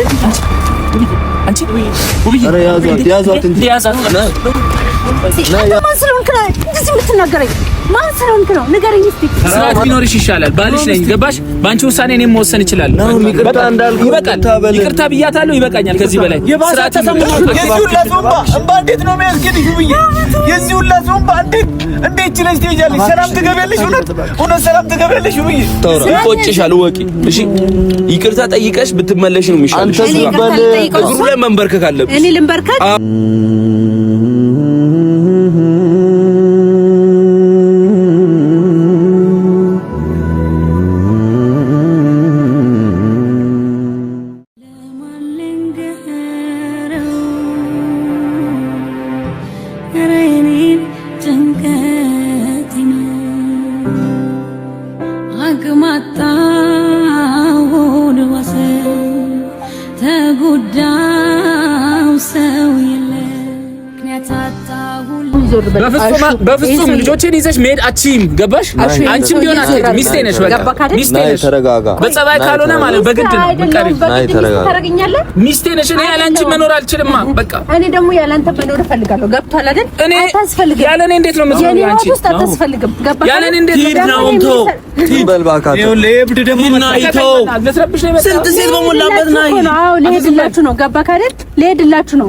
አንቺ ማን ስለሆንክ ነው? ንገረኝ እስቲ። ስርዓት ቢኖርሽ ይሻላል። ባልሽ ነኝ፣ ገባሽ? በአንቺ ውሳኔ እኔም መወሰን ይችላል። ይበቃል። ይቅርታ ብያታለሁ፣ ይበቃኛል። ከዚህ በላይ ስርዓት ነው ሁላ እንዴት ሰላም ትገቢያለሽ? እውነት እውነት ሰላም ይቅርታ ጠይቀሽ ብትመለሽ ነው እግሩ ላይ መንበርከክ አለብሽ። እኔ ልንበርከክ በፍጹም ልጆችን ይዘሽ መሄድ አችም ገባሽ? አንቺም ቢሆን አትሄድ። ሚስቴ ነሽ፣ በቃ ሚስቴ ነሽ። ተረጋጋ። በጸባይ ካልሆነ ማለት በግድ ነው። ሚስቴ ነሽ። እኔ ያለ አንቺ መኖር አልችልማ። በቃ እኔ ደግሞ ያለ አንተ መኖር እፈልጋለሁ። ገብቶሃል አይደል? እኔ ያለ እኔ እንዴት ነው የምትኖሪው? አንቺ አታስፈልግም። ያለ እኔ እንዴት ነው ነው። ነው ለብድ ለስረብሽ ስንት ሴት በሞላበት ነው። አዎ ልሄድላችሁ ነው። ገባክ አይደል? ልሄድላችሁ ነው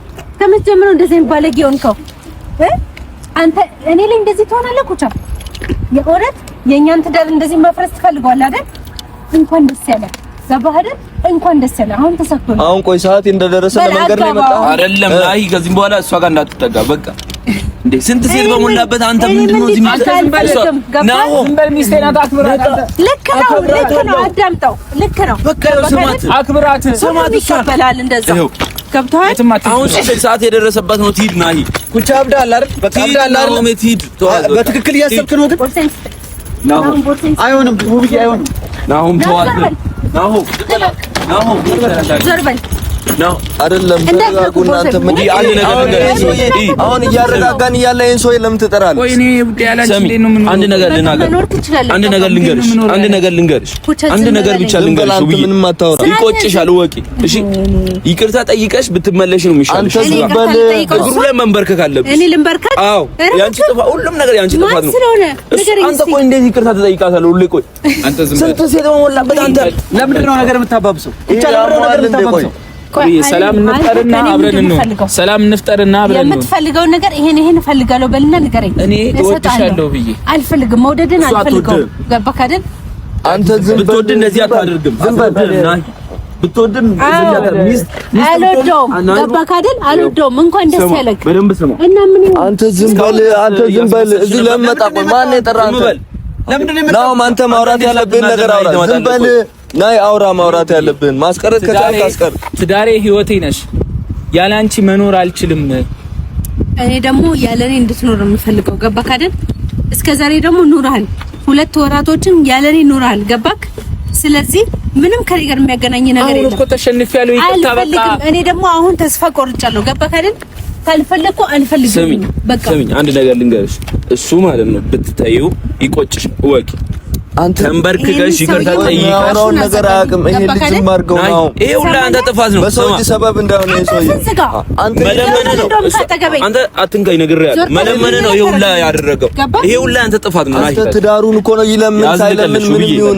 ከምትጀምረው እንደዚህ ባለጌ ሆንከው አንተ እኔ ላይ እንደዚህ ትሆናለህ። ኩቻ የእውነት የእኛን ትዳር እንደዚህ ማፍረስ ትፈልገዋለህ አይደል? እንኳን ደስ ያለህ ገባህ አይደል? እንኳን ደስ ያለህ። አሁን ተሰጥቶ አሁን ቆይ ሰዓት እንደደረሰ ለመንገድ ላይ አይደለም ከዚህም በኋላ እሷ ጋር እንዳትጠጋ በቃ እንዴ ስንት ሴት በሞላበት አንተ ምንድን ነው ገብተዋል። አሁን ስልክ ሰዓት የደረሰባት ነው። ትሂድ ና ቁጭ አብዳ አለ አይደል? በቃ አብዳ አለ አይደል? ትሂድ በትክክል እያሰብክ ነው። አይሆንም፣ አይሆንም። ናሁም ተዋት። ናሁም ናሁም ዞር በል አይደለም። ተረጋጉ እናንተ ምን ያለ ነገር አሁን እያረጋጋን እያለ ይሄን ሰው ለምን ትጠራለህ? አንድ ነገር ልናገር፣ አንድ ነገር ልንገርሽ፣ አንድ ነገር ልንገርሽ፣ አንድ ነገር ብቻ ልንገርሽ። ምንም አታወራም፣ ይቆጭሻል፣ ወቂ እሺ። ይቅርታ ጠይቀሽ ብትመለሽ ነው የሚሻልሽ። እግሩ ላይ መንበርከክ አለብሽ። እኔ ልንበርከክ? አዎ፣ ያንቺ ጥፋት፣ ሁሉም ነገር ያንቺ ጥፋት ነው። አንተ ቆይ፣ እንዴት ይቅርታ ትጠይቃታለህ? ሁሌ ቆይ፣ ስንት ሴት በሞላበት አንተ ለምንድን ነው ነገር የምታባብሰው? ብቻ ለምንድን ነው ነገር የምታባብሰው? ሰላም እንፍጠርና አብረን እንሆን ሰላም እንፍጠርና አብረን እንሆን የምትፈልገው ነገር ይሄን ይሄን እፈልጋለሁ በልና ንገረኝ። እኔ እወድሻለሁ ብዬ አልፈልግም። መውደድን አልፈልገውም። ገባህ አይደል? አንተ ዝም ብትወድ እንደዚህ አታደርግም። ዝም በል ብትወድም አልወደውም። ገባህ አይደል? አልወደውም። እንኳን ደስ ያለህ። እና ምን አንተ ዝም በል አንተ ዝም በል። እዚህ ለምን መጣህ? ማነው የጠራህ? አንተ ለምንድን አንተ ማውራት ያለብህን ነገር አውራ። ዝም በል ናይ አውራ ማውራት ያለብን ማስቀረት ከቻል ታስቀር። ትዳሬ ህይወቴ ነሽ። ያለ አንቺ መኖር አልችልም። እኔ ደግሞ ያለ እኔ እንድትኖር የምፈልገው ገባክ አይደል? እስከ ዛሬ ደግሞ ኑርሃል። ሁለት ወራቶችም ያለ እኔ ኑርሃል። ገባክ? ስለዚህ ምንም ከኔ ጋር የሚያገናኝ ነገር የለም። አሁን እኮ ያለው ይቅርታ በቃ። እኔ ደግሞ አሁን ተስፋ ቆርጫለሁ። ገባክ አይደል? ካልፈለኩ አልፈልግም። በቃ ስሚኝ፣ አንድ ነገር ልንገርሽ። እሱ ማለት ነው ብትታዩ ይቆጭሽ ወቂ ተንበርክከሽ ይቅርታ ጠይቀሽ ነገር አያውቅም። ይሄ ልጅ ማርገው ነው። ይሄ ሁላ አንተ ጥፋት ነው። በሰው እጅ ሰበብ ነው። ሰው አንተ መለመነ ነው። አንተ አትንካኝ፣ ያለ መለመነ ነው ይሄ ሁላ ያደረገው። ይሄ ሁላ አንተ ጥፋት ነው። አንተ ትዳሩን እኮ ነው ይለምን ሳይለምን ምን ይሁን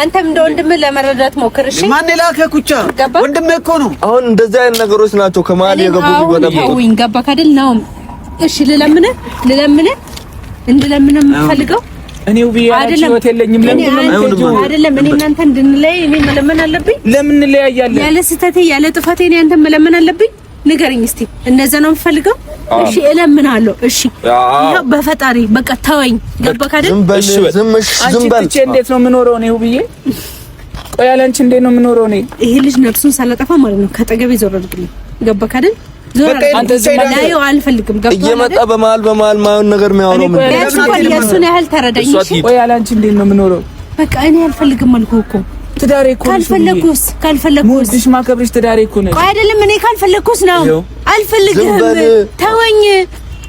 አንተም እንደ ወንድምህ ለመረዳት ሞክር። እሺ ማን ላከ? ኩቻ ወንድምህ እኮ ነው። አሁን እንደዚህ አይነት ነገሮች ናቸው ከመሀል የገቡት። ወደቡኝ ገባ ካደል ነው። እሺ ልለምንህ ልለምንህ እንድለምንህ የምፈልገው እኔው ውብዬ ያለች ህይወት የለኝም። ለምን አይደለም እኔ እናንተ እንድንለይ እኔ መለመን አለብኝ? ለምን እንለያያለን? ያለ ስህተቴ ያለ ጥፋቴ እኔ አንተ መለመን አለብኝ? ንገርኝ እስቲ። እንደዛ ነው የምፈልገው። እሺ እለምናለሁ። እሺ ይኸው በፈጣሪ በቃ ተወኝ። ገባህ አይደል? እሺ ዝም በል። እንዴት ነው የምኖረው ነው ብዬ ቆይ ያለ አንቺ እንዴት ነው የምኖረው ነው? ይሄ ልጅ ነፍሱን ሳላጠፋ ማለት ነው ከጠገቤ ዞር አድርግልኝ። ገባህ አይደል? እየመጣ በመሀል በመሀል ማይሆን ነገር የሚያወራው ምን ነው? ያህል ተረዳኝ። እሺ ቆይ ያለ አንቺ እንዴት ነው የምኖረው? በቃ እኔ አልፈልግም አልኩህ እኮ ትዳሬ እኮ ካልፈለኩስ ካልፈለኩስ ሙድሽ ማከብርሽ ትዳሬ እኮ ነው አይደለም። እኔ ካልፈለኩስ ነው አልፈልግህም። ተወኝ።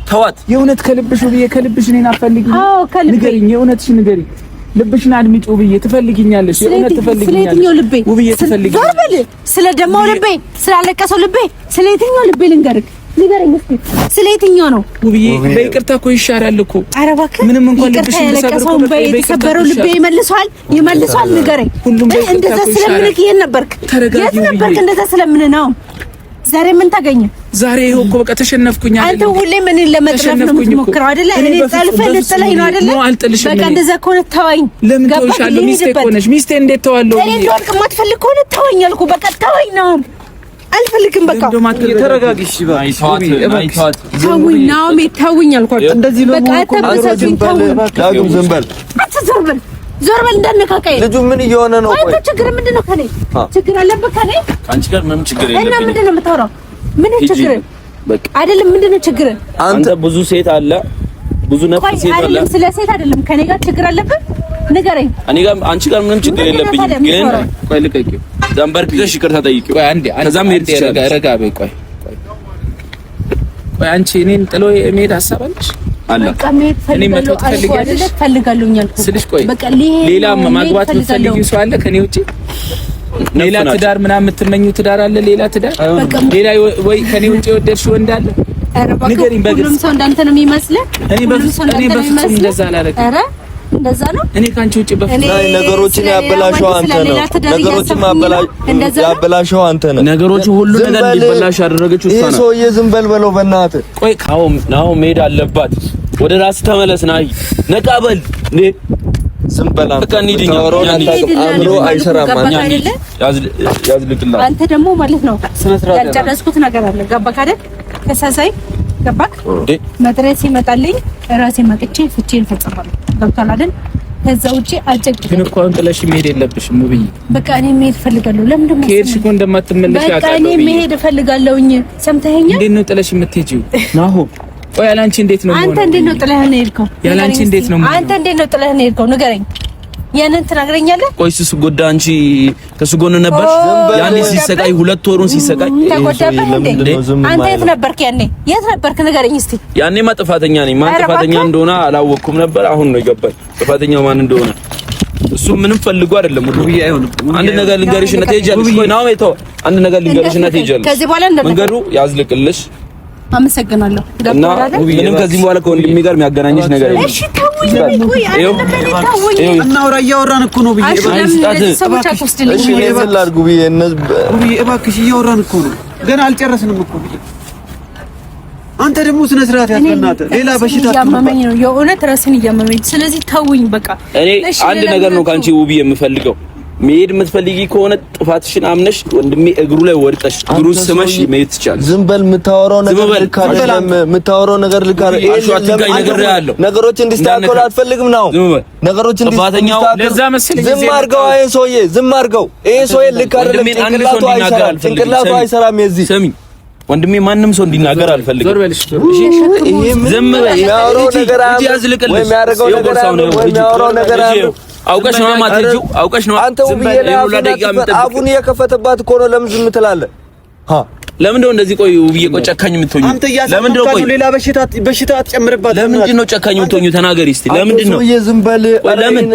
ተዋት። የእውነት ከልብሽ ውብዬ፣ ከልብሽ እኔን አፈልጊ። አዎ ከልብሽ ንገሪኝ፣ የእውነትሽ ንገሪኝ። ልብሽን አድምጪ ውብዬ፣ ትፈልጊኛለሽ። የእውነት ትፈልግኛለሽ? ስለየትኛው ልቤ ውብዬ ትፈልጊኛለሽ? ስለ ደማው ልቤ፣ ስላለቀሰው ልቤ፣ ስለየትኛው ልቤ ልንገርህ ንገረኝ እስቲ ስለ የትኛው ነው ውብዬ? በይቅርታ እኮ ይሻላል እኮ። ኧረ እባክህ ምንም እንኳን ልብሽ ተሰብሮ የተሰበረው ልቤ ይመልሷል ይመልሷል። ንገረኝ እንደዛ ስለምንክ የት ነበርክ? የት ነበርክ? እንደዛ ስለምን ነው ዛሬ ምን ታገኘ? ዛሬ ይኸው እኮ በቃ ተሸነፍኩኝ። አንተ ሁሌ ምን ለመጥረፍ ነው የምትሞክረው አይደለ? እኔ ጠልፈ ልጥለኝ ነው አይደለ? በቃ እንደዛ ከሆነ ተወኝ። ለምን ተውሻለሁ? ሚስቴ እኮ ነሽ። ሚስቴ እንዴት ተዋለሁ? እኔ እንደወድቅ የማትፈልግ ከሆነ ተወኝ አልኩህ። በቃ ተወኝ ነው አልፈልግም። በቃ ተረጋግሽ። ተውኝ ናኦሜ፣ ተውኝ አልኳት። እንደዚህ በቃ ተበሰብኝ። ተውኝ ዝም በል አንተ፣ ዞር በል ዞር በል እንዳነካካኝ። ልጁ ምን እየሆነ ነው? አንተ ችግር ምንድን ነው? ከኔ ችግር አለበት ከኔ አንቺ ጋር ምንም ችግር የለም። እና ምንድን ነው የምታወራው? ምን ችግር አይደለም። ምንድን ነው ችግር? አንተ ብዙ ሴት አለ፣ ብዙ ነፍስ ሴት አለ። ስለ ሴት አይደለም ከኔ ጋር ችግር አለበት ንገረኝ። ጋር አንቺ ጋር ምንም ችግር የለብኝም፣ ግን ቆይ ልቀቂው፣ ዘንበርክከሽ ይቅርታ ጠይቂው። ቆይ አንዴ ከዛም ሄድ ረጋ ረጋ በይ። ቆይ ቆይ አንቺ እኔን ጥሎ የመሄድ ሀሳብ አለሽ? ሌላ ማግባት የምትፈልጊው ሰው አለ ከኔ ውጪ? ሌላ ትዳር ምናምን የምትመኙ ትዳር አለ? ሌላ ትዳር ሌላ ወይ ከኔ ውጪ የወደድሽው ወንድ አለ? ንገሪኝ በግልጽ። ሁሉም ሰው እንዳንተ ነው የሚመስልህ? እኔ በፍጹም እንደዛ አላደረግም። እንደዛ ነው። እኔ ካንቺ ውጪ በፊት ነገሮችን ያበላሸው አንተ ነው። ነገሮችን ያበላሸው አንተ ነው። ነገሮች ሁሉ ነገር እንዲበላሽ ያደረገችው እሷ ናት። ይሄ ሰውዬ ዝም በል በለው በእናትህ። ቆይ ካሁን ናው መሄድ አለባት። ወደ ራስ ተመለስ። ናይ ነቃ በል እንዴ ዝም በል አንተ። በቃ እንሂድ። አእምሮ አይሰራም። ያዝልቅልሃል። አንተ ደግሞ ማለት ነው ያልጨረስኩት ነገር አለ። ገባህ አይደል? ከሳሳይ ገባህ እንዴ? መጥሪያ ሲመጣልኝ ራሴ መጥቼ ፍቼን ፈጽማለሁ። ገብቷል አይደል? ከዛ ውጪ አልጨግድም። ግን እኮ አሁን ጥለሽ መሄድ የለብሽም ውብዬ። በቃ እኔ መሄድ እፈልጋለሁ። ለምን ደግሞ ከሄድሽ እኮ እንደማትመለሽ በቃ እኔ መሄድ እፈልጋለሁኝ። ሰምተኸኛል? እንዴት ነው ጥለሽ የምትሄጂው ናሁ? ቆይ ያላንቺ እንዴት ነው? አንተ እንዴት ነው ጥለህ ነው የሄድከው? ያላንቺ እንዴት ነው? አንተ እንዴት ነው ጥለህ ነው የሄድከው? ንገረኝ ያንን ትናግረኛለህ? ቆይ ስጎዳ አንቺ ከሱ ጎን ነበርሽ? ያኔ ሲሰቃይ ሁለት ወሩን ሲሰቃይ ተጎዳብህ አንተ የት ነበርክ ያኔ? የት ነበርክ ንገረኝ እስቲ። ያኔማ ጥፋተኛ ነኝ። ማን ጥፋተኛ እንደሆነ አላወቅኩም ነበር። አሁን ነው የገባኝ ጥፋተኛው ማን እንደሆነ። እሱ ምንም ፈልጎ አይደለም። ውብዬ አይሆንም። አንድ ነገር ልንገርሽ እና ትሄጃለሽ። ቆይ ነው ይተው። አንድ ነገር ልንገርሽ እና ትሄጃለሽ። ከዚህ በኋላ እንደነበር መንገዱ ያዝልቅልሽ። አመሰግናለሁ። ምንም ከዚህ በኋላ ከወንድሜ ጋር የሚያገናኝሽ ነገር የለም። እናውራ እያወራን እኮ ነው ብዬ እባክሽ እያወራን እኮ ነው ገና አልጨረስንም እኮ ብዬ አንተ ደግሞ ስነ ስርዓት ያስፈናተ ሌላ በሽታ እያመመኝ ነው የእውነት ራስን እያመመኝ ስለዚህ ተውኝ በቃ እኔ አንድ ነገር ነው ከአንቺ ውብዬ የምፈልገው መሄድ የምትፈልጊ ከሆነ ጥፋትሽን አምነሽ ወንድሜ እግሩ ላይ ወድቀሽ እግሩ ስመሽ መሄድ ትቻለሽ። ዝም በል። የምታወራው ነገር ልክ አይደለም። የምታወራው ነገር ልክ አይደለም። ነገሮች እንዲስተካከሉ አትፈልግም ነው። ነገሮች እንዲስተካከሉ ዝም አድርገው። ይሄን ሰውዬ ዝም አድርገው። ይሄ ሰውዬ ልክ አይደለም። ጭንቅላቱ አይሰራም። የዚህ ስሚ ወንድሜ ማንም ሰው እንዲናገር አልፈልግም። ዝም በል። አውቀሽ ነው የማትሄጂው? አውቀሽ ነው አንተ አፉን የከፈተባት እኮ ነው። ለምን ዝም ትላለህ? ለምን ነው እንደዚህ? ቆይ ውብዬ፣ ቆይ ጨካኝ የምትሆኙ ለምን ነው? ቆይ ሌላ በሽታ በሽታ አትጨምርባት። ለምንድን ነው ጨካኝ የምትሆኙ? ተናገሪ እስቲ። ለምንድን ነው ዝም በል። ለምን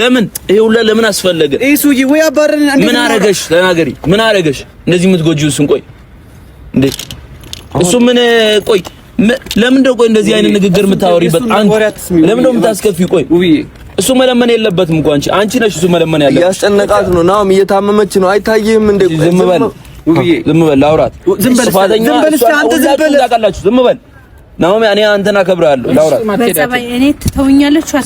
ለምን ይሄ ሁላ ለምን አስፈለገ? እሱዬ፣ ወይ አባረን። ምን አረገሽ? ተናገሪ። ምን አረገሽ? እንደዚህ የምትጎጂው እሱን። ቆይ እንዴ እሱ ምን? ቆይ ለምን ነው? ቆይ እንደዚህ አይነት ንግግር የምታወሪበት አንተ ለምን ነው የምታስከፊው? ቆይ ውብዬ እሱ መለመን የለበትም እኮ አንቺ አንቺ ነሽ እሱ መለመን ያለበት። እያስጨነቃት ነው ናውም፣ እየታመመች ነው። አይታየህም እንዴ? ዝም በል ዝም በል ላውራት። ዝም በል ዝም በል ናውም፣ እኔ አንተን አከብራለሁ። ላውራት በፍጹም አትሄጃትም። ዞር በል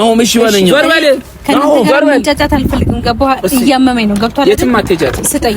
ናውም፣ እሺ በለኝ። ዞር በል ናውም፣ ዞር በል። እያመመኝ ነው። ገብቶሃል። የትም አትሄጃትም። ስጠኝ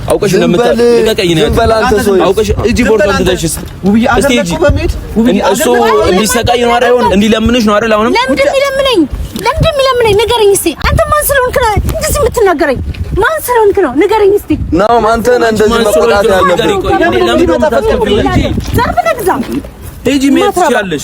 አውቀሽ እንዲሰቃይ ነው ነው አይደል? አሁንም ለምንድን የሚለምነኝ ንገረኝ እስኪ። አንተ ማን ስለሆንክ ነው እንደዚህ የምትናገረኝ? ማን ስለሆንክ ነው ንገረኝ እስኪ። አንተ ነህ እንደዚህ መቆጣት ያለብህ። ለምን ሂጂ፣ መሄድ ትችያለሽ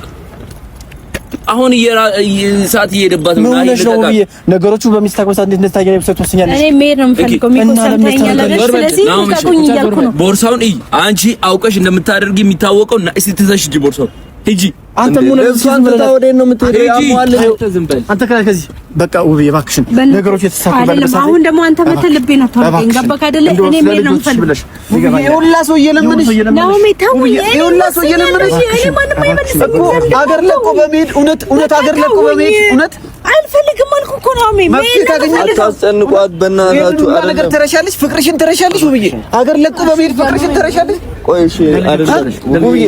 አሁን ሰዓት እየሄደባት ነው። ነገሮቹ በሚስተካከል ሰዓት እንዴት እንደታየ ነው ትወስኛለሽ። እኔ መሄድ ነው ቦርሳውን እይ አንቺ አውቀሽ እንደምታደርጊ የሚታወቀው እና እስቲ ትዘሽ እጅ ቦርሳውን ሂጂ አንተ ምን በቃ ውብዬ እባክሽን ነገሮች የተሳኩበት አሁን ደግሞ አንተ በተልቤ ነው ታወቀኝ። ገባክ አይደለ? እኔ ምን ነው ፈልብለሽ የሁላ ሰው እየለመነሽ አገር ለቆ በመሄድ እውነት እውነት አገር ለቆ በመሄድ እውነት አልፈልግም አልኩ እኮ ነው። አሜ መፍትሄ ታገኛለሽ። አታስጨንቋት በእናታችሁ። ነገር ትረሻለሽ፣ ፍቅርሽን ትረሻለሽ። ውብዬ አገር ለቆ በመሄድ ፍቅርሽን ትረሻለሽ። ቆይ እሺ፣ አይደለም ውብዬ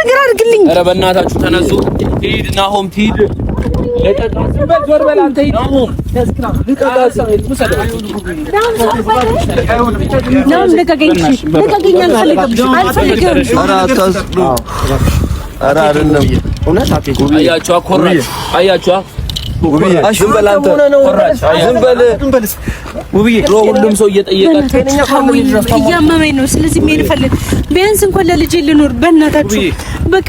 ነገር አድርግልኝ። ኧረ በእናታችሁ ተነሱ። ትሂድ ናሆም፣ ትሂድ ዝም በል ውብዬ ድሮ ሁሉም ሰው እየጠየቃቸው እያመመኝ ነው። ስለዚህ ምን ቢያንስ እንኳን ለልጄ ልኖር። በእናታችሁ በቃ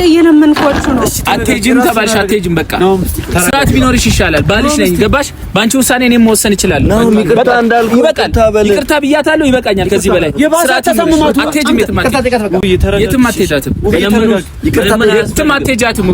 ነው። አትሄጂም ተባልሽ፣ አትሄጂም በቃ ስርዓት ቢኖርሽ ይሻላል። ባልሽ ነኝ፣ ገባሽ? በአንቺ ውሳኔ እኔም መወሰን እችላለሁ። ይበቃል፣ ይቅርታ ብያታለሁ። ይበቃኛል። ከዚህ በላይ አትሄጂም፣ የትም አትሄጃትም። የትም አትሄጃትም።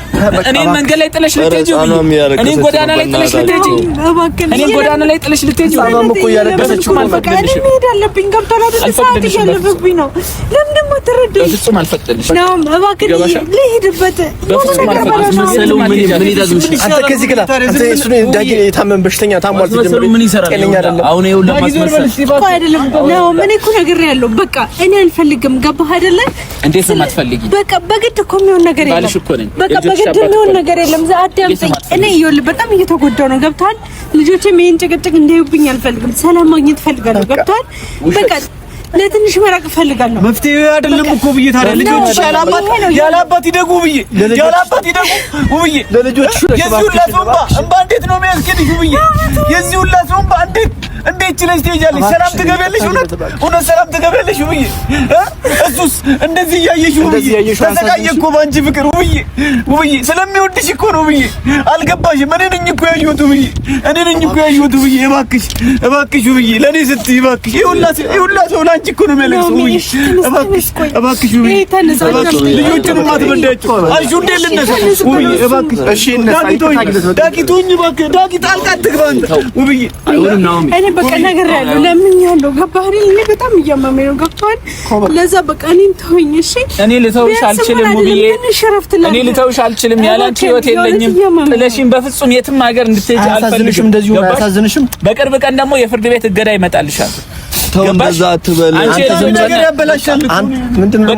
እኔን መንገድ ላይ ጥለሽ ልትሄጂ፣ እኔን ጎዳና ላይ ጥለሽ ልትሄጂ፣ እኔን ጎዳና ላይ ጥለሽ ልትሄጂ። ሰላም እኮ እያለቀሰች ነው። እኔ መሄድ አለብኝ። ገብቶሃል አይደል? ሰዓት እያለፈብኝ ነው። ለምን ደግሞ አትረዳኝ? በፍጹም አልፈቅድልሽም። ነው እባክህ ልሂድበት። በፍጹም አልፈቅድልሽም። ሰላም ምን ምን ይዳግምሽ? አንተ ከዚህ ግላ አንተ እሱ ነው ዳጊ የታመም በሽተኛ ታሟል። ትጀምሪ ምን ይሰራል? ጤነኛ አይደለም። አሁን ይኸውልህ ለማስመሰል እኮ አይደለም ነው። እኔ እኮ ነግሬሃለሁ። በቃ እኔ አልፈልግም። ገባህ አይደለ? እንዴት ነው የማትፈልጊ? በቃ በግድ እኮ የሚሆን ነገር የለም። በቃ ግድ የሚሆን ነገር የለም። አዳምጠኝ። እኔ ይኸውልህ በጣም እየተጎዳሁ ነው፣ ገብቶሃል? ልጆችም ይሄን ጭቅጭቅ እንዳይብኝ አልፈልግም። ሰላም ማግኘት እፈልጋለሁ፣ ገብቶሃል? በቃ ለትንሽ መራቅ እፈልጋለሁ። መፍትሄ አይደለም እኮ ብዬ ታዲያ ልጆች ያላባት ያላባት ይደጉ ብዬ ያላባት ይደጉ ብዬ ለልጆች የዚህ ሁላ ዞምባ እንባ እንዴት ነው የሚያስገድሽ ብዬ የዚህ ሁላ ዞምባ እንዴት እንዴት ችለሽ ትሄጃለሽ? ሰላም ትገቢያለሽ? እውነት እውነት ሰላም ትገቢያለሽ? ውብዬ እሱስ እንደዚህ እያየሽ ውብዬ ተሰቃየ እኮ በአንቺ ፍቅር ውብዬ ውብዬ ስለሚወድሽ እኮ ነው ውብዬ። አልገባሽም? እኔ ነኝ እኮ ያየሁት ውብዬ፣ እኔ ነኝ እኮ ያየሁት ውብዬ። እባክሽ እባክሽ ውብዬ፣ ለእኔ ስትይ እባክሽ። ይሁላ ሰው ለአንቺ እኮ ነው የሚያለቅሰው ውብዬ። እባክሽ እባክሽ ውብዬ፣ ልጆቹንም አትበዳያቸው። አንቺ እንዴት ልነሳ ውብዬ? እባክሽ ዳጊት ሆኝ እባክህ ዳጊት፣ ጣልቃ አትግባ አንተ ውብዬ በቃ ነገር ያለው ለምን ያለው ገባህ እኔ በጣም እያመመኝ ነው። ገብቶሃል? ለዛ በቃ እኔን ተወኝ እሺ። እኔ ልተውሽ አልችልም ሙብዬ፣ እኔ ልተውሽ አልችልም። ያለ ህይወት የለኝም። ጥለሽኝ በፍጹም የትም ሀገር እንድትሄጂ አልፈልግም። እንደዚሁ አያሳዝንሽም? በቅርብ ቀን ደግሞ የፍርድ ቤት እገዳ ይመጣልሻል።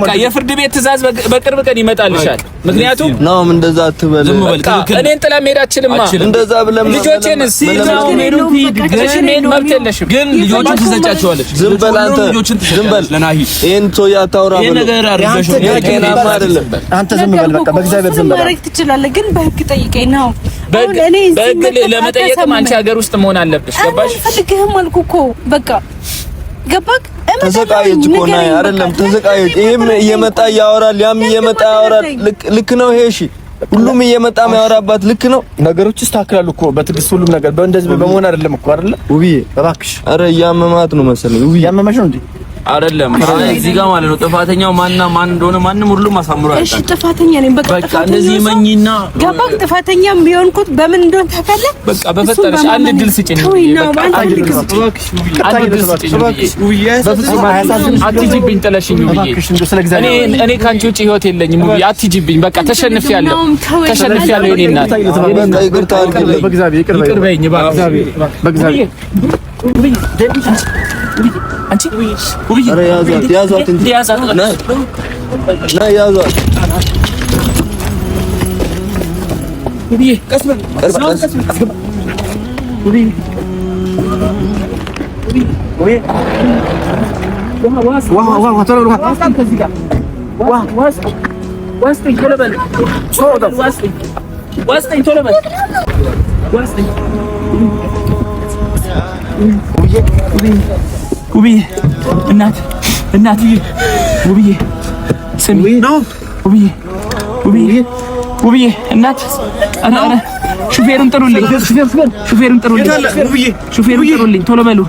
በቃ የፍርድ ቤት ትዕዛዝ በቅርብ ቀን ይመጣልሻል። ምክንያቱም ናውም እንደዛ አትበል። እኔን ጥላ መሄድ እንደዛ ብለም ልጆቼን ግን ዝም በል አንተ፣ ዝም በል ለናሂ። ይሄን ሰው ያታውራ ነገር አንተ ዝም በል በቃ፣ በእግዚአብሔር ዝም በል። ትችላለህ፣ ግን በህግ ጠይቀኝ ነው። በህግ ለመጠየቅም አንቺ ሀገር ውስጥ መሆን አለብሽ። ገባሽ? ፈልግህም አልኩ እኮ በቃ ገባክ? ተሰቃየች እኮ ነው አይደለም? ተሰቃየች። ይሄም እየመጣ ያወራል፣ ያም እየመጣ ያወራል። ልክ ነው ይሄ። እሺ ሁሉም እየመጣ የሚያወራባት ልክ ነው። ነገሮች ይስተካከላሉ እኮ በትዕግስት ሁሉም ነገር በእንደዚህ በመሆን አይደለም እኮ አይደለ? ውብዬ እባክሽ። አረ እያመማት ነው መሰለኝ። ውብዬ ያመመሽ ነው እንዴ? አይደለም እዚህ ጋር ማለት ነው። ጥፋተኛው ማና ማን እንደሆነ ማንም ሁሉም አሳምሯል። እሺ ጥፋተኛ ነኝ በቃ እንደዚህ መኝና ገባክ። ጥፋተኛ ቢሆንኩት በምን እንደሆነ ታውቃለህ። በቃ በፈጠረሽ አንድ ድል ስጭኝ። እኔ ውጭ ህይወት የለኝም። በቃ ተሸንፊያለሁ፣ ተሸንፊያለሁ። ይቅር በይኝ እባክህ ዋስጠኝ ቶሎ በል ዋስጠኝ ውብዬ እናት እናትዬ ውብዬ ስሚ ውብዬ ውብዬ ውብዬ እናት ሹፌሩን ጥሩልኝ፣ ሹፌሩን ጥሩልኝ፣ ሹፌሩን ጥሩልኝ፣ ቶሎ በሉ።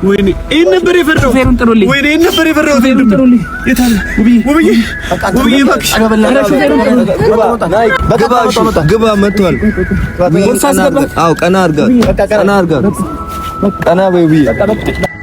ይሄን ነበር የፈራሁት። ሹፌሩን ጥሩልኝ፣ ይሄን ነበር የፈራሁት። ሹፌሩን ጥሩልኝ። ውብዬ? ውብዬ ግባ፣ መጥቷል። ቀና አድርጋ፣ ቀና አድርጋ Tanaway.